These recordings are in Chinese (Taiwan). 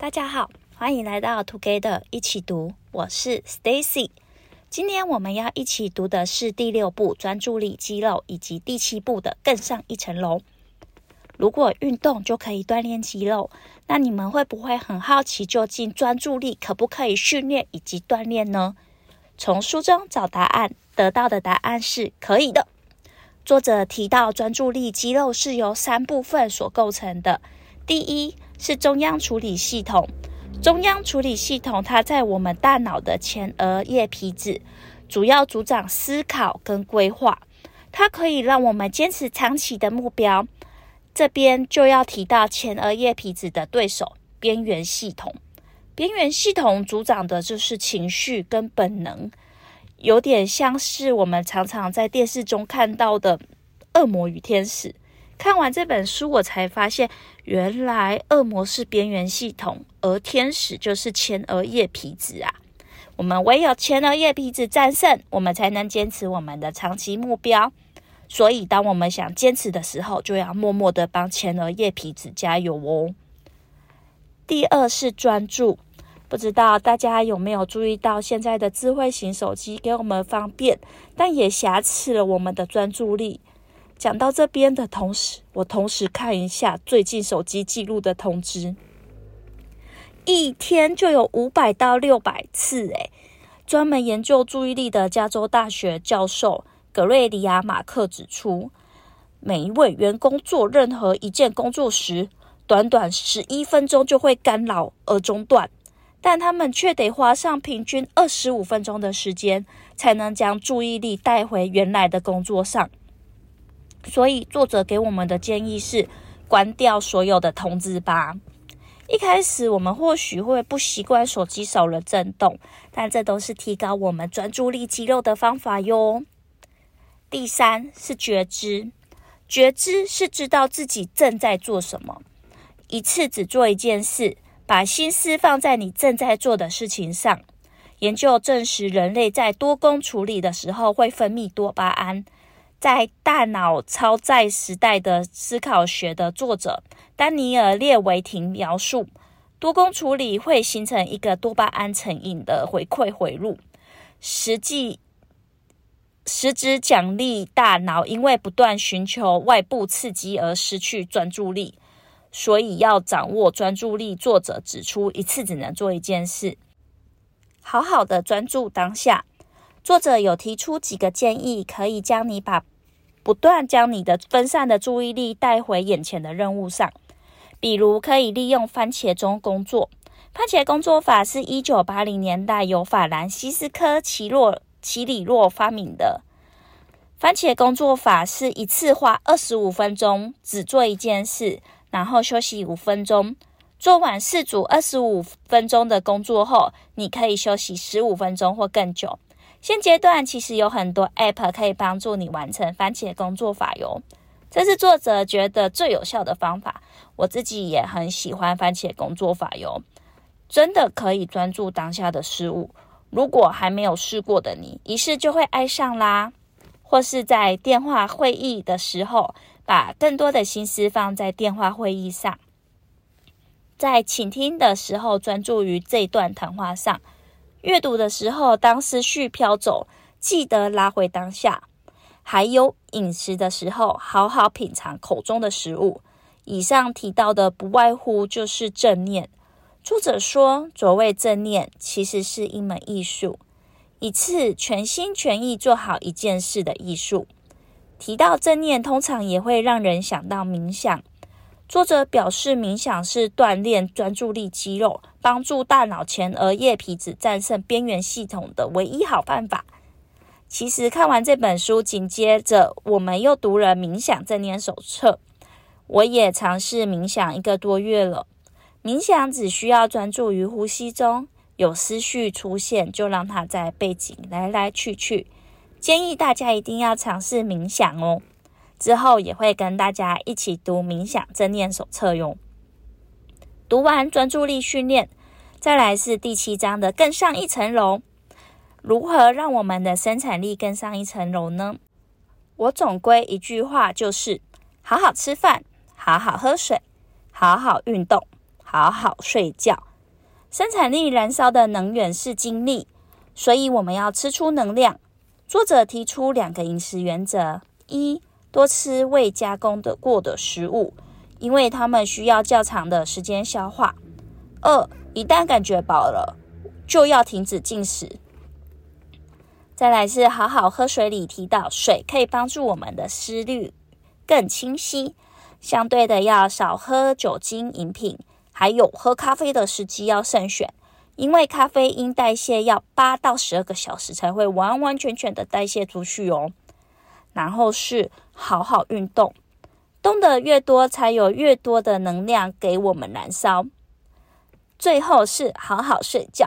大家好，歡迎來到 Together 一起讀，我是 Stacy。今天我們要一起讀的是第六部專注力肌肉，以及第七部的更上一層樓。如果運動就可以鍛鍊肌肉，那你們會不會很好奇，究竟專注力可不可以訓練以及鍛鍊呢？從書中找答案，得到的答案是可以的。作者提到，專注力肌肉是由三部分所構成的，第一，是中央處理系統，中央處理系統它在我們大腦的前額葉皮質，主要主掌思考跟規劃，它可以讓我們堅持長期的目標。這邊就要提到前額葉皮質的對手——邊緣系統，邊緣系統主掌的就是情緒跟本能，有點像是我們常常在電視中看到的惡魔與天使。看完這本書，我才發現，原來惡魔是邊緣系統，而天使就是前額葉皮質啊。我們唯有前額葉皮質戰勝，我們才能堅持我們的長期目標。所以，當我們想堅持的時候，就要默默的幫前額葉皮質加油哦。第二是專注，不知道大家有沒有注意到，現在的智慧型手機給我們方便，但也瑕疵了我們的專注力。講到這邊的同時，我同時看一下最近手機記錄的通知，一天就有五百到六百次，欸。誒，專門研究注意力的加州大學教授格瑞利亞·馬克指出，每一位員工做任何一件工作時，短短十一分鐘就會干擾而中斷，但他們卻得花上平均二十五分鐘的時間，才能將注意力帶回原來的工作上。所以，作者給我們的建議是關掉所有的通知吧。一開始，我們或許會不習慣手機少了震動，但這都是提高我們專注力肌肉的方法喲。第三是覺知，覺知是知道自己正在做什麼，一次只做一件事，把心思放在你正在做的事情上。研究證實，人類在多工處理的時候會分泌多巴胺。在大腦超載時代的思考學的作者丹尼爾·列維廷描述，多工處理會形成一個多巴胺成癮的回饋回路，實際實質獎勵大腦，因為不斷尋求外部刺激而失去專注力，所以要掌握專注力。作者指出，一次只能做一件事，好好的專注當下。作者有提出幾個建議，可以將你把不斷將你的分散的注意力帶回眼前的任務上，比如可以利用番茄鐘工作。番茄工作法是一九八零年代由法蘭西斯科奇洛奇里洛發明的。番茄工作法是一次花二十五分鐘只做一件事，然後休息五分鐘。做完四組二十五分鐘的工作後，你可以休息十五分鐘或更久。現階段其實有很多 App 可以幫助你完成番茄工作法喲，這是作者覺得最有效的方法。我自己也很喜歡番茄工作法喲，真的可以專注當下的事物。如果還沒有試過的你，一試就會愛上啦。或是在電話會議的時候，把更多的心思放在電話會議上，在傾聽的時候，專注於這段談話上。閱讀的時候，當思緒飄走，記得拉回當下；還有飲食的時候，好好品嘗口中的食物。以上提到的，不外乎就是正念。作者說，所謂正念，其實是一門藝術，一次全心全意做好一件事的藝術。提到正念，通常也會讓人想到冥想。作者表示，冥想是鍛鍊專注力肌肉，幫助大腦前額葉皮質戰勝邊緣系統的唯一好辦法。其實看完這本書，緊接着我們又讀了《冥想正念手冊》，我也嘗試冥想一個多月了。冥想只需要專注於呼吸中，中有思緒出現就讓它在背景來來去去。建議大家一定要嘗試冥想哦。之後也會跟大家一起讀冥想正念手冊喲，讀完專注力訓練，再來是第七章的更上一層樓，如何讓我們的生產力更上一層樓呢？我總歸一句話就是：好好吃飯，好好喝水，好好運動，好好睡覺。生產力燃燒的能源是精力，所以我們要吃出能量。作者提出兩個飲食原則：一。多吃未加工的過的食物，因為它們需要較長的時間消化。二，一旦感覺飽了，就要停止進食。再來是好好喝水裡，提到水可以幫助我們的思慮更清晰。相對的，要少喝酒精飲品，還有喝咖啡的時機要慎選，因為咖啡因代謝要八到十二個小時才會完完全全的代謝出去哦。然後是好好運動，動得越多，才有越多的能量給我們燃燒。最後是好好睡覺，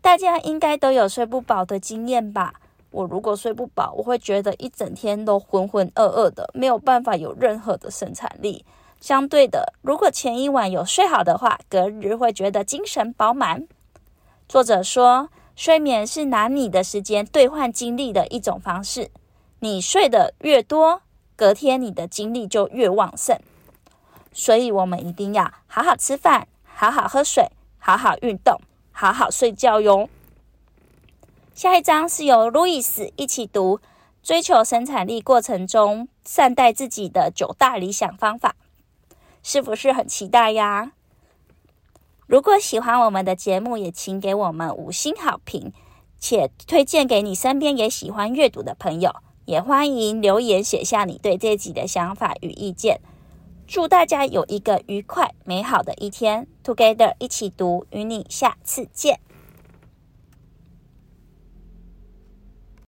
大家應該都有睡不飽的經驗吧？我如果睡不飽，我會覺得一整天都渾渾噩噩的，沒有辦法有任何的生產力。相對的，如果前一晚有睡好的話，隔日會覺得精神飽滿。作者說，睡眠是拿你的時間兌換精力的一種方式。你睡得越多，隔天你的精力就越旺盛，所以我們一定要好好吃飯，好好喝水，好好運動，好好睡覺喲。下一章是由路易斯一起讀《追求生產力過程中善待自己的九大理想方法》，是不是很期待呀？如果喜歡我們的節目，也請給我們五星好評，且推薦給你身邊也喜歡閱讀的朋友。也歡迎留言，寫下你對這集的想法與意見。祝大家有一個愉快美好的一天，Together 一起讀，與你下次見。